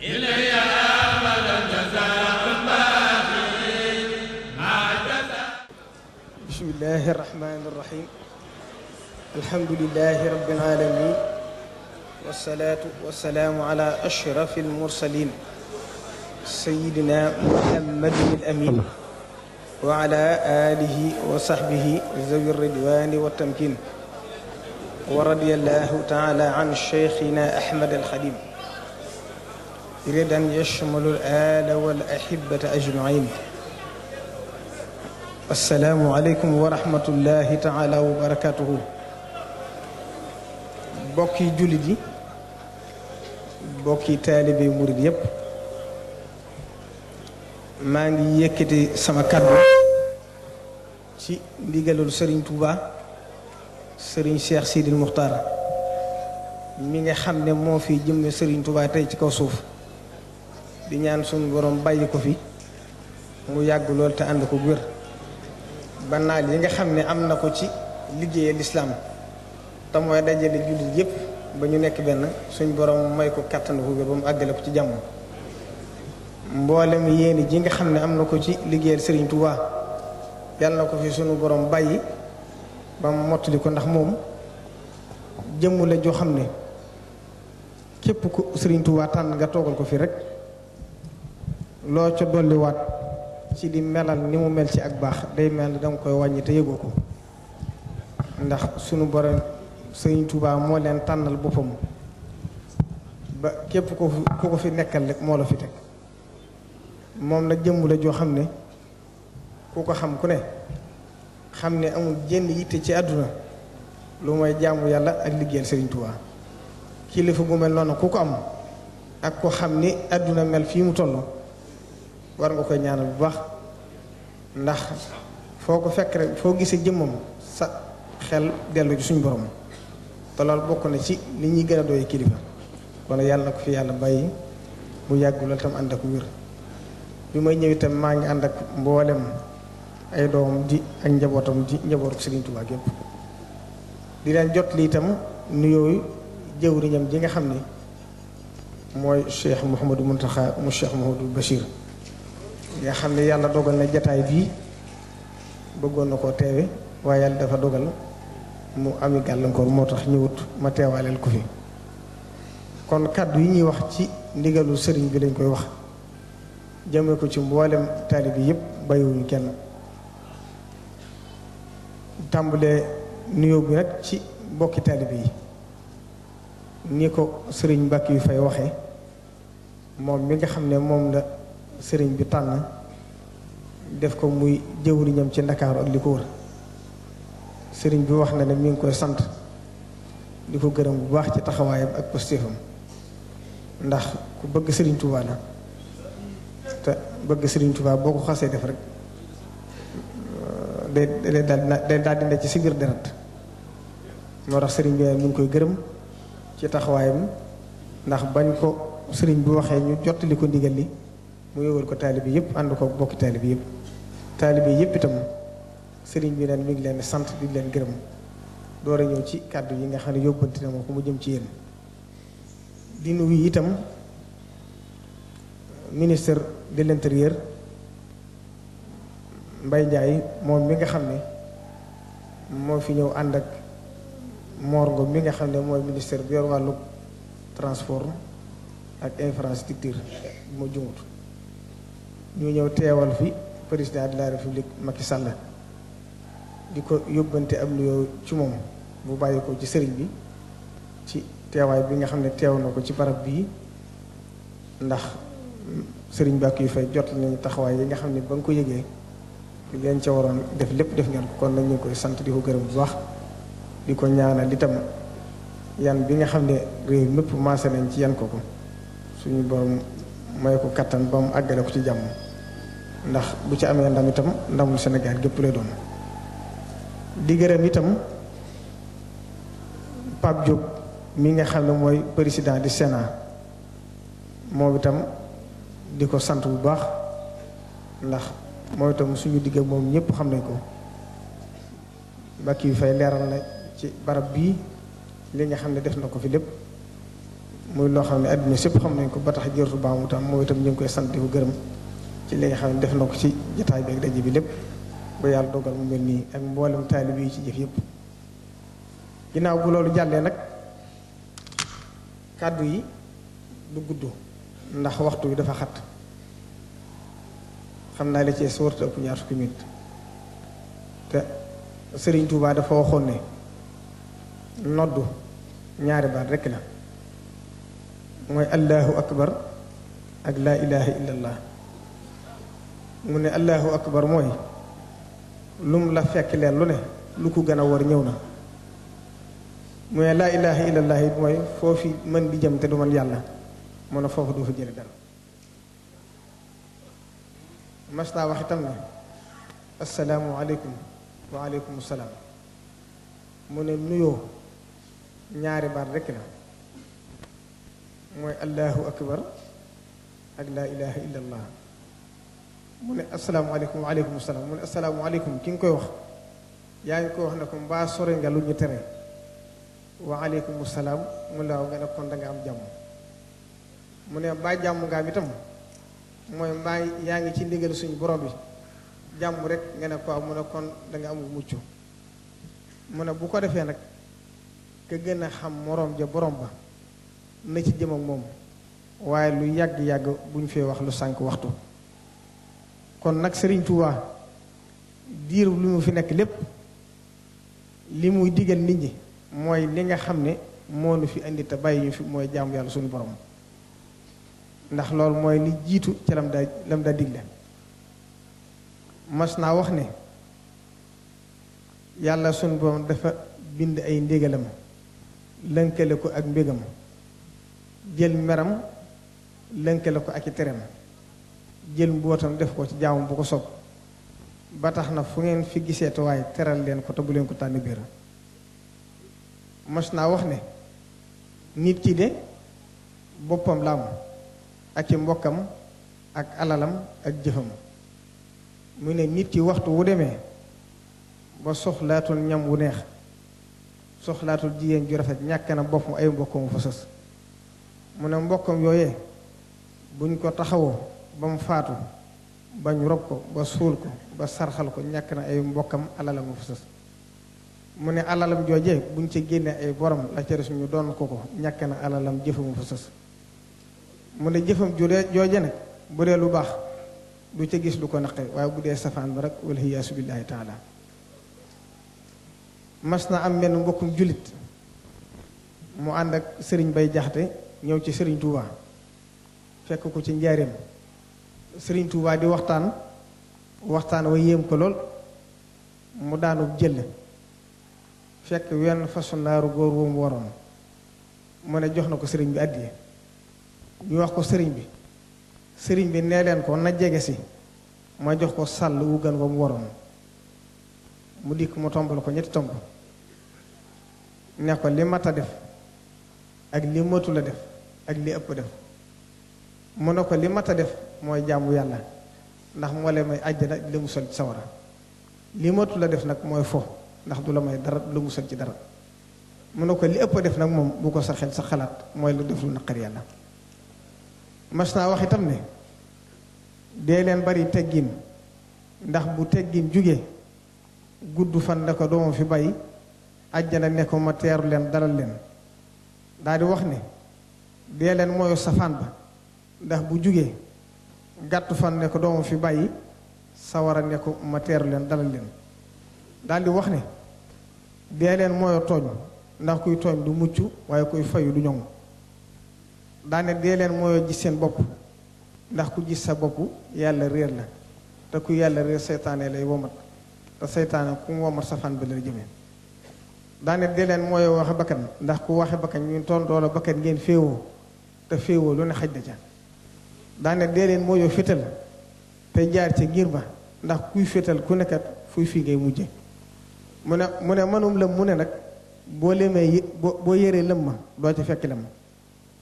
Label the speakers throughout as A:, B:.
A: Ele الله الرحمن الرحيم الحمد لله رب العالمين والصلاة والسلام على أشرف المرسلين سيدنا محمد الأمين وعلى آله وصحبه ذوي الرضوان والتمكين ورضي الله تعالى عن شيخنا أحمد الخليل يريد أن يشمل الآل والأحبة أجمعين السلام عليكم ورحمة الله تعالى وبركاته بوكي جولدي بوكي تالي مريد يب ماني يكتي سما كادو تي ديغالو سيرين توبا سرين شيخ سيد المختار مين خامني مو في جيم سيرين توبا تاي تي كو سوف دي نيان سون بوروم بايكو في مو ياغ لول تا اندكو غير ba naal yi nga xam ne am na ko ci liggéeyee lislaam te mooy dajale jullit yépp ba ñu nekk benn suñ borom may ko kàttan ba mu àggale ko ci jàmm mboolem yéen ji nga xam ne am na ko ci liggéeyal sëriñtuwaa Touba yàlla na ko fi sunu boroom bàyyi ba mu mottali ko ndax moom jëmm joo xam ne képp ku Serigne Touba tànn nga toogal ko fi rek loo ca dolliwaat. ci di melal ni mu mel ci ak baax day mel danga koy wàññi te yëgoo ko ndax sunu borom sëriñ Tuubaa moo leen tànnal boppamu ba képp ko ku ko fi nekkal rek moo la fi moom nag jëmm joo xam ne ku ko xam ku ne xam ne amul jenn yitte ci àdduna lu mooy jaamu yàlla ak liggéeyal sëriñ Tuubaa kilifa ngu mel noonu ku ko am ak ko xam ni àdduna mel fii mu tolloo war nga koy ñaanal bu baax ndax foo ko fekk rek foo gisee jëmmam sa xel dellu ci suñu borom te loolu bokk na ci li ñuy gën a doy kilifa kon yàlla na ko fi yàlla bàyyi mu yàgg loolu tam ànd ak wér bi may ñëw itam maa ngi ànd ak mboolem ay doom di ak njabootam di njabootu Serigne Touba gépp di leen jot li itam nuyooyu jëwriñam ji nga xam ne mooy Cheikh Mouhamadou Mountakha mu Cheikh Mouhamadou Bachir nga xam ne yàlla dogal na jataay bii bëggoon na koo teewe waaye yàlla dafa dogal mu ami gàllankoor moo tax ñëwut ma teewaaleel ko fi kon kàddu yi ñuy wax ci ndigalu sëriñ bi lañ koy wax jëme ko ci mboolem taalibe yi yëpp bàyyiwuñ kenn tàmbalee nuyoo bi nag ci bokki taalibe yi ni ko sëriñ Mbàkke yi fay waxe moom mi nga xam ne moom la sëriñ bi tànn def ko muy jëwriñam ci ndakaaru ak li ko wër sëriñ bi wax na ne mi ngi koy sant li ko gërëm bu baax ci taxawaayam ak postéefam ndax ku bëgg sëriñ Touba te bëgg sëriñ Touba boo ko xasee def rek day day daal ci si biir moo tax sëriñ bi mu ngi koy gërëm ci taxawaayam ndax bañ ko sëriñ bi waxee ñu jottali ko ndigal li mu yóbbal ko taalibe yëpp ànd ko bokki taalibe yëpp taalibe yëpp itam sëriñ bi naan mi ngi leen sant di leen gërëm door a ñëw ci kàddu yi nga xam ne yóbbante na ma ko mu jëm ci yéen di itam ministre de l'intérieur Mbaye Ndiaye moom mi nga xam ne moo fi ñëw ànd ak Mor Ngom mi nga xam ne mooy ministère bi yor wàllu transport ak infrastructure ma jumut ñu ñëw teewal fi président de la république Macky Sall di ko yóbbante am nuyoo ci moom bu bàyyi ko ci sëriñ bi ci teewaay bi nga xam ne teew na ko ci barab bii ndax sëriñ bàkk yu fay jot nañu taxawaay yi nga xam ne ba nga ko yëgee leen ca waroon def lépp def ngeen ko kon nañ ñu koy sant di ko gërëm bu baax di ko ñaanal itam yan bi nga xam ne réew mépp maase nañ ci yan ko ko suñu borom mooy ko kattan ba mu àggale ko ci jàmm ndax bu ci amee ndam itam ndamul Sénégal gépp lay doon di gërëm itam Pape Diop mi nga xam ne mooy président du Sénat moom itam di ko sant bu baax ndax mooy itam suñu digg moom ñëpp xam nañ ko bakki yu fay leeral na ci barab bii li nga xam ne def na ko fi lépp muy loo xam ne àdduna sépp xam nañ ko ba tax jërtu baamu tam mooy itam ñu ngi koy sant di ko gërëm ci li xam ne def na ko ci jotaay bi ak daje bi lépp ba yàlla dogal mu mel nii ak mboolem taalib yi ci jëf yëpp ginnaaw bu loolu jàllee nag kàddu yi du guddoo ndax waxtu bi dafa xat xam naa la cee soorte ëpp ñaar fukki minute te Sëriñ Tuubaa dafa waxoon ne nodd ñaari baat rekk la mooy allahu akbar ak laa ilaha illallah mu ne allahu akbar mooy lum la fekk leen lu ne lu ko gën a war ñëw na mu ne laa ilaha illallah it mooy foofi mën di jëm te du man yàlla mu ne foofu du fa jële dara mas naa wax itam ne assalaamu aleykum wa aleykum salaam mu ne nuyoo ñaari baat rekk la mooy allahu akbar ak laa ilaha illa allah mu ne asalaamaaleykum waaleykum salaam mu ne asalaamaaleykum ki nga koy wax yaa ngi koy wax ne ko mbaa sore nga lu ñu tere waaleykum salaam mu laaw nga ne kon da nga am jàmm mu ne mbaa jàmm nga am itam mooy mbaa yaa ngi ci ndigal suñu borom bi jàmm rek nga ne ko mu ne kon da nga amul mucc mu ne bu ko defee nag ka gën a xam morom ja borom ba na ci jëm moom waaye lu yàgg-yàgg bu ñu fee wax lu sànq waxtu kon nag Serigne Touba diir lu mu fi nekk lépp li muy digal nit ñi mooy li nga xam ne moo nu fi indi te bàyyi ñu fi mooy jaamu yàlla suñu borom ndax loolu mooy li jiitu ca lam daa digle mas naa wax ne yàlla suñu borom dafa bind ay ndégalam lënkale ko ak mbégam jël meram lënkale ko ak ci tereem jël mbootam def ko ci jaamu bu ko sob ba tax na fu ngeen fi gisee te waaye teral leen ko te bu leen ko tànn biir mas naa wax ne nit ki de boppam la ak ci mbokkam ak alalam ak jëfam mu ne nit ki waxtu wu demee ba soxlaatul ñam wu neex soxlaatul jigéen ju rafet ñàkk na boppam ay mbokkam fa sës mu ne mbokkam yooyee buñ ko taxawoo ba mu faatu bañ rob ko ba suul ko ba sarxal ko ñàkk na ay mbokkam alalam fa sës mu ne alalam joojee buñ ci génnee ay borom la ca suñu doon ko ko ñàkk na alalam jëfamu fa sës mu ne jëfam judee jooje nag bu dee lu baax du ca gis lu ko naqe waaye bu dee safaan ba rek wala hiyaasu billaahi taala mas na am benn mbokkum julit mu ànd ak sëriñ bay jaxte ñëw ci sëriñ Touba fekk ko ci njaarim sëriñ Touba di waxtaan waxtaan wa yéem ko lool mu daanu jël fekk wenn façon naaru góor woomu waroon mu ne jox na ko sëriñ bi àddiya ñu wax ko sëriñ bi sëriñ bi nee leen ko na jege si ma jox ko sàll wu gën ko mu waroon mu dikk mu tombal ko ñetti tomb ne li mat a def ak li mëtu la def ak li ëpp def mu ne ko li mat a def mooy jaamu yàlla ndax moo lay may àjjana di la musal ci sawara li matu la def nag mooy fo ndax du la may dara du la musal ci dara mu ne ko li ëpp def nag moom bu ko sa sa xalaat mooy lu def lu naqar yàlla mas naa wax itam ne dee leen bari teggin ndax bu teggin jugee gudd fan ne ko doomam fi bàyyi àjjana ne ko ma teeru leen dalal leen daal di wax ne dee leen mooy safaan ba ndax bu jugee gàtt fan ne ko doomu fi bàyyi sawara ne ko ma teeru leen dalal leen daldi wax ne dee leen mooy tooñ ndax kuy tooñ du mucc waaye kuy fayu du ñoŋ daane dee leen mooy gis seen bopp ndax ku gis sa bopp réer la te ku yàlla réer seytaane lay womat te seytaane ku mu womat safaan ba lay jëmee daane dee leen mooy waxe bakkan ndax ku waxe bakkan ñu tontoo la bakkan ngeen féewoo te féewoo lu ne xaj na ca daane dee leen moo te jaar ca ngir ba ndax kuy féetal ku nekkat fuy fii ngay mujje mu ne mu ne manum lëm mu ne nag boo lemee boo yéree lëm ma doo ca fekk lëm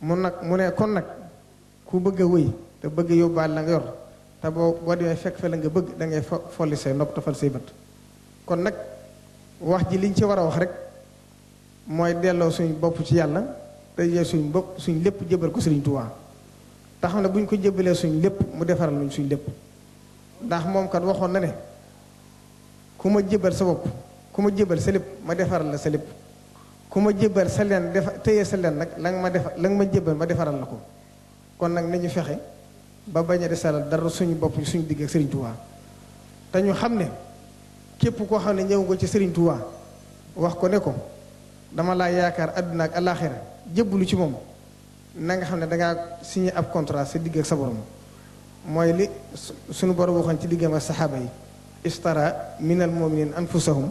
A: mu nag mu ne kon nag ku bëgg a wéy te bëgg yóbbaal la nga yor te boo boo demee fekk fa la nga bëgg dangay ngay folli say nopp tofal say bët kon nag wax ji liñ ci war a wax rek mooy delloo suñu bopp ci yàlla dañuy suñ bopp suñ lépp jëbal ko Sëriñ Tuubaa te xam ne bu ko jëbalee suñ lépp mu defaral luñ suñ lépp ndax moom waxoon na ne ku ma jëbal sa ku ma jëbal sa ma defaral la sa ku ma jëbal sa leen defa téye sa leen nag la ma defar la nga ma jëbal ma defaral la ko kon nag nañu fexe ba bañ a desalal dara suñu bopp suñu digg ak Sëriñ Tuubaa te ñu xam ne képp koo xam ne ñëw ko ci Sëriñ Tuubaa wax ko ne ko dama laa yaakaar àdduna ak alaaxira jébbalu ci moom nanga xam ne dangaa signé ab contrat sa digg ak sa borom mooy li suñu borom waxoon ci diggam ak saxaaba yi istara minal mu'minin anfusahum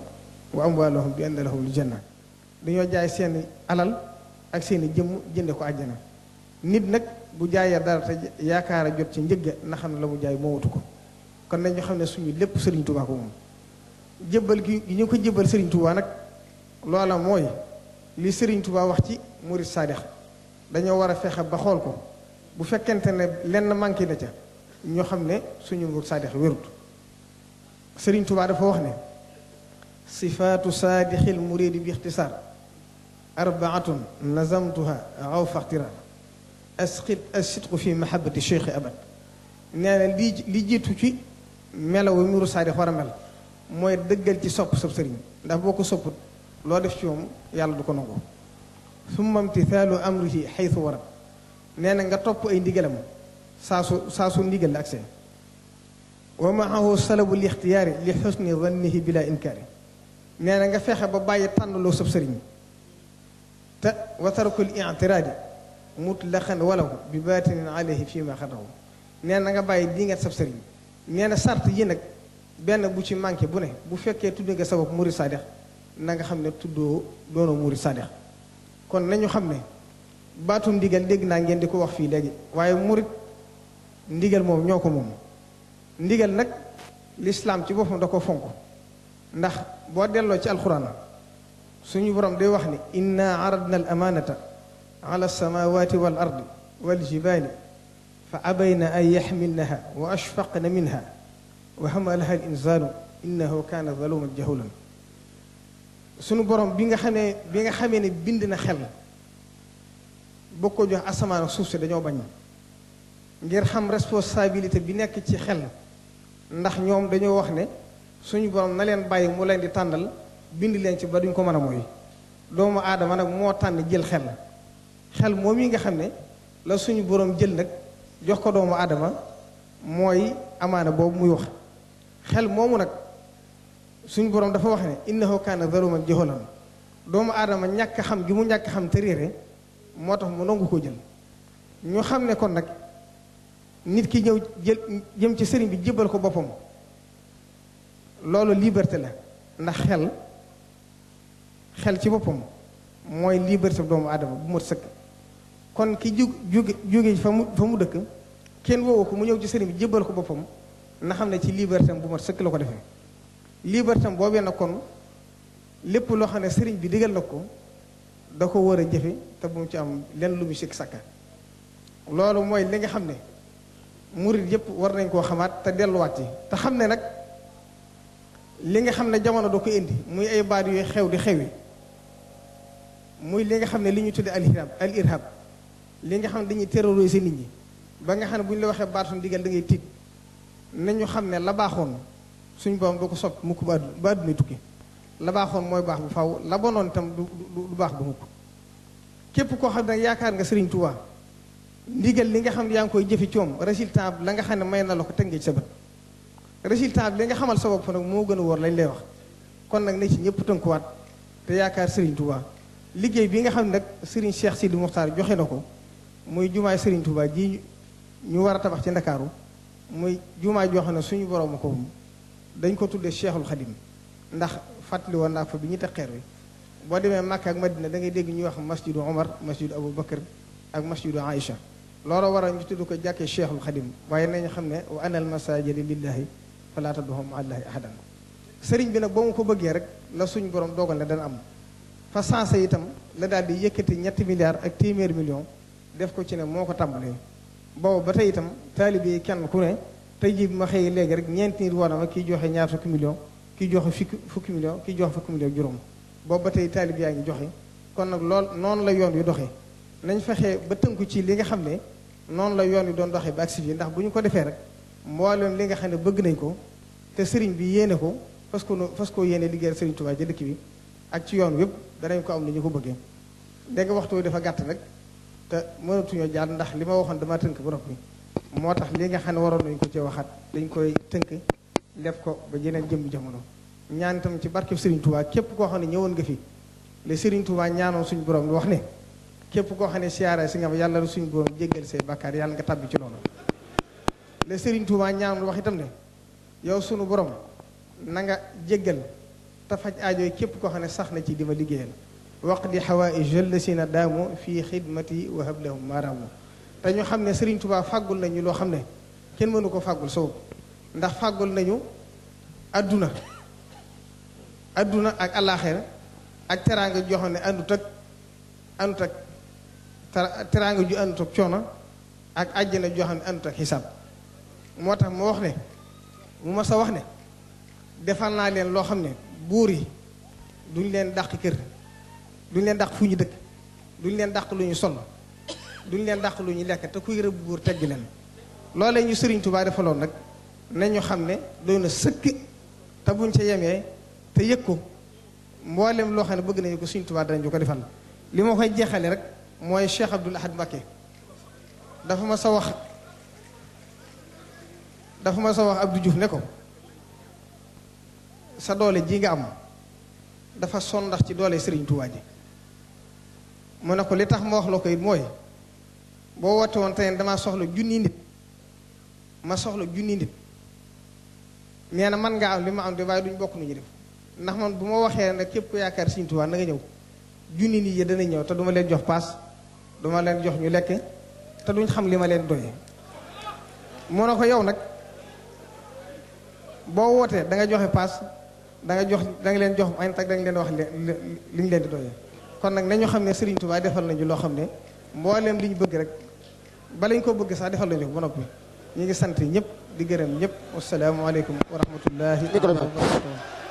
A: wa amwaalahum bi anna lahumul janna dañoo jaay seeni alal ak seeni jëmm jënde ko àjjana nit nag bu jaayee dara te yaakaar a jot ci njëgga na xam ne la mu jaay moo moowatu ko kon ñoo xam ne suñu lépp sëriñ Tuubaa ko moom jébbal gi ñu ko jébbal sëriñ Tuubaa nag loola mooy li Serigne Touba wax ci murid saadix dañu wara fexe ba xol ko bu fekente ne lenn manki na ca ñoo xamne suñu murid saadix wérut Serigne Touba dafa wax ne sifaatu saadixil muridi bi ixtisaar arbaatun nazamtuha aw faxtiraar asqit asitqu fi mahabati cheikhi abad nee na li li jiitu ci melawu murid saadix war a mel mooy dëggal ci sopp sab sëriñ ndax boo ko loo def ci moom yàlla du ko nangu summa imtithaalu amrihi xaytu warat nee na nga topp ay ndigalam saa su saa su ndigal la accès wa maahu salabu l ixtiyaari li xusni zannihi bila inkaari nee na nga fexe ba bàyyi tànnloo sab sëriñ te wa tarku l ictiraadi mutlaqan walahu bi baatinin alayhi fi ma xatahu nee na nga bàyyi di ngat sab sëriñ nee na yi nag benn bu ci manqué bu ne bu fekkee tudde nga sabab murid saadix na nga xam ne tuddoo doona muuri sadex kon nañu xam ne baatum ndigal dégg naa ngeen di ko wax fii léegi waaye murit ndigal moom ñoo ko moom ndigal nag lislaam ci boppam da ko fonk ndax boo delloo ci alxuraan suñu borom day wax ni inna aradna al amanata ala samawati wal ardi wal jibali fa abayna an yaxmilnaha wa ashfaqna minha wa hamalaha al insanu innahu kana zaluman jahulan suñu borom bi nga xamee bi nga xamee ne bind na xel boo ko jox asamaan ak suuf si dañoo bañ ngir xam responsabilité bi nekk ci xel ndax ñoom dañoo wax ne suñu borom na leen bàyyi mu leen di tànnal bind leen ci ba duñ ko mën a mooy doomu aadama nag moo tànn jël xel xel moom yi nga xam ne la suñu borom jël nag jox ko doomu aadama mooy amaana boobu muy wax xel moomu nag. suñu borom dafa wax ne innahu kana zaluman jahulan doomu adama ñàkk xam gi mu ñàkk xam te réere moo tax mu nangu ko jël ñu xam ne kon nag nit ki ñëw jël jëm ci sëriñ bi jébbal ko boppam loolu liberté la ndax xel xel ci boppam mooy liberté doomu adama bu mu sëkk kon ki jug jug jóge fa mu fa mu dëkk kenn woowu ko mu ñëw ci sëriñ bi jébbal ko boppam na xam ne ci liberté bu mu sëkk la ko defee liberté boobee na kon lépp loo xam ne sëriñ bi digal na ko da ko war a jëfe te bu mu ci am lenn lu mu sikk sakka loolu mooy li nga xam ne murit yëpp war nañ koo xamaat te delluwaat ci te xam ne nag li nga xam ne jamono da ko indi muy ay baat yooyu xew di xew yi muy li nga xam ne li ñu tudde al irhab al irhab li nga xam ne dañuy terroriser nit ñi ba nga xam ne bu ñu la waxee baatu ndigal da ngay tiit ñu xam ne la baaxoon suñu borom du ko sopp mukk ba ba àdduna tukki la baaxoon mooy baax bu faw la bonoon tam du du baax bu mukk képp koo xam ne nag yaakaar nga Sëriñ tubaa ndigal li nga xam yaa ngi koy jëfe ci moom la nga xam ne may na la ko teg nga sa bët résultat li nga xamal sa bopp fa nag moo gën a wóor lañ lay wax kon nag na ci ñëpp tënkuwaat te yaakaar Sëriñ Tuubaa liggéey bi nga xam ne nag Sëriñ Cheikh Sidi Muxtaar joxe na ko muy jumaay Sëriñ Tuubaa jii ñu war a tabax ci Ndakaaru muy jumaay joo xam ne suñu borom ko dañ ko tuddee cheikhul xadim ndax fàttali woon naa fa bi ñu teg xeer wi boo demee Makka ak Madina da ngay dégg ñu wax masjidu Omar masjidu abou Bakar ak masjidu Aïcha loolu waral ñu tudd ko jàkke cheikhul xadim waaye nañ xam ne wa anal masajidi lillahi fala tad'u ma'a ahadan sëriñ bi nag ba mu ko bëggee rek la suñ borom dogal ne dana am fa sansé itam la daal di yëkkati ñetti milliards ak téeméer million def ko ci ne moo ko tàmbalee boobu ba tey itam taalibe yi kenn ku ne tey jii ma xëyee léegi rek ñeenti nit woon na ma kii joxe ñaar fukki million kii joxe fukki fukki million kii joxe fukki million juróom boobu ba tey taalib yaa ngi joxe kon nag lool noonu la yoon yu doxee nañ fexe ba tënku ci li nga xam ne noonu la yoon wi doon doxee ba si bi ndax bu ñu ko defee rek mboolem li nga xam ne bëgg nañ ko te sëriñ bi yéene ko fas ko fas koo yéene liggéeyal sëriñ Tuubaa ci dëkk bi ak ci yoon yëpp danañ ko am ni ñu ko bëggee dégg nga waxtu dafa gàtt nag te mënatuñoo jaar ndax li ma waxoon dama tënk bu noppi moo tax li nga xam ne waroon nañu ko ci waxaat dañ koy tënk def ko ba jeneen jëm jamono ñaan itam ci barkeb Serigne Touba képp koo xam ne ñëwoon nga fi le Serigne Touba suñu borom wax ne képp koo xam ne siyaara si nga yàlla na suñu borom jéggal see bakkaar yàlla nga tàbbi ci loolu. le Serigne Touba ñaanoon wax itam ne yow sunu borom na nga jéggal te faj aajooy képp koo xam ne sax na ci di ma liggéeyal waqdi xawaaij allasina daamu fi xidmati wa hablahum maaraamu te ñu xam ne Serigne Touba fàggul nañu loo xam ne kenn mënu ko fàggul sow ndax fàggul nañu adduna adduna ak àllaaxira ak teranga joo xam ne àndut ak àndut ak teraanga ju àndut ak coono ak àjjana joo xam ne àndut ak xisaab moo tax mu wax ne mu ma sa wax ne defal naa leen loo xam ne buur yi duñ leen dàq kër duñ leen dàq fu ñu dëkk duñ leen dàq lu ñu sonn duñ leen dàq lu ñu lekk te kuy rëbb góor tegg leen loolee ñu Sëriñ Tuubaa defaloon nag nañu xam ne doy na sëkk te buñ ca yemee te yëg ko mboolem loo xam ne bëgg nañu ko Sëriñ Tuubaa danañu ko defal li ma koy jeexale rek mooy Cheikh Abdoul Ahad Mbacké dafa ma sa wax dafa ma sa wax Abdou Diouf ne ko sa doole ji nga am dafa son ndax ci doole Sëriñ Tuubaa ji mu ne ko li tax ma wax la ko it mooy boo woote woon tey damaa soxla junni nit ma soxla junni nit nee na man ngaa am li ma am de waaye duñ bokk nu bu ma waxee nag képp yaakaar Sëriñ Tuubaa na nga junni nit yi ñëw te duma leen jox paas duma leen jox ñu lekk te duñ xam li ma leen doyee moo ne ko yow nag boo wootee da nga joxe paas da jox da leen jox añ tak dañ leen wax liñ ñu leen di doyee kon nag nañu xam ne Sëriñ tubaay defal nañu loo xam ne mboolem li ñu bëgg rek balañ koo bëgg sax defal lañu ko ba noppi ñu ngi sant ñëpp di gërëm ñëpp wasalaamaaleykum wa rahmatullahi wa barakatuh